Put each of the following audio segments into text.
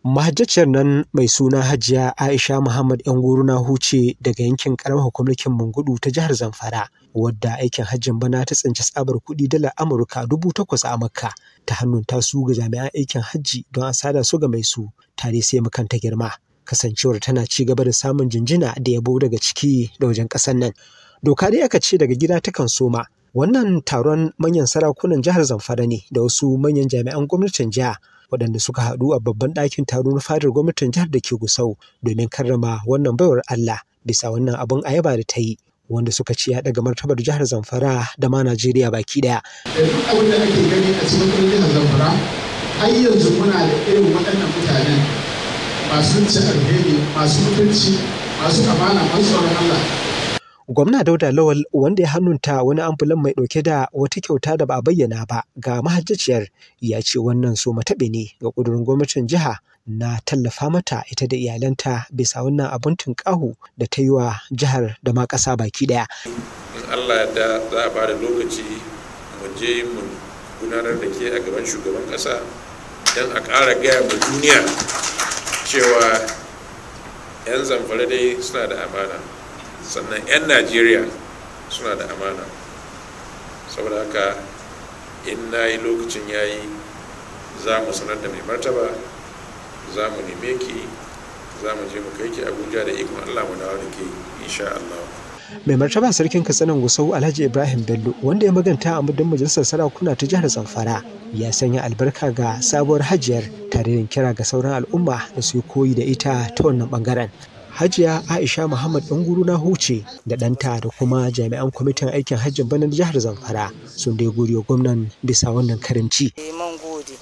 Mahajjaciyar nan mai suna Hajiya Aisha Muhammad ‘yan guru huce daga yankin ƙaramar hukumlikin Mungudu ta jihar Zamfara, wadda aikin hajjin bana ta tsinci tsabar kuɗi dala Amurka dubu takwas a Makka ta hannun tasu ga jami'an aikin hajji don a sada su ga mai su, tare sai Makan ta girma. Kasancewar tana ci gaba da samun jinjina da yabo daga ciki da wajen ƙasar nan. Doka dai aka ce daga gida takan soma, wannan taron manyan sarakunan jihar Zamfara ne da wasu manyan jami'an gwamnatin jiha. waɗanda suka haɗu a babban ɗakin taro na fadar gwamnatin jihar da ke Gusau domin karrama wannan baiwar Allah bisa wannan abin ayaba da ta yi wanda suka ci ya daga martabar jihar Zamfara da ma Najeriya baki ɗaya. Abin da ake gani a cikin jihar Zamfara har yanzu muna da irin waɗannan mutanen masu ci alheri masu mutunci masu amana masu tsoron Allah Gwamna Dauda Lawal wanda ya hannunta wani ambulan mai ɗauke da wata kyauta da ba a bayyana ba ga mahajjaciyar ya ce wannan so mataɓe ne ga ƙudurin gwamnatin jiha na tallafa mata ita da iyalanta bisa wannan abun tunƙahu da ta yi wa jihar da ma ƙasa baki ɗaya. In Allah da za a ba da lokaci mu je mu gudanar da ke a gaban shugaban ƙasa don a ƙara gaya ma duniya cewa 'yan zamfara dai suna da amana. sannan 'yan najeriya suna da amana saboda haka in na yi lokacin ya yi za mu sanar da mai martaba za mu neme ki za mu je mu kai ki abuja da ikon allah mu dawo da ke insha allah mai martaba sarkin katsinan gusau alhaji ibrahim bello wanda ya maganta a muddin majalisar sarakuna ta jihar zamfara ya sanya albarka ga sabuwar hajiyar tare da kira ga sauran al'umma da su koyi da ita ta wannan bangaren Hajiya Aisha Muhammad guru na huce da ɗanta da kuma jami'an kwamitin aikin hajjin bana jihar Zamfara sun dai gode wa gwamnan bisa wannan karimci. Eh, mun gode.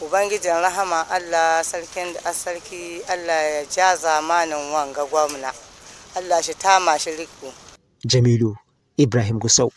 Ubangijin rahama Allah sarkin da sarki Allah ya ja zamanin wanga gwamna. Allah shi tama shi riko. Jamilu Ibrahim Gusau.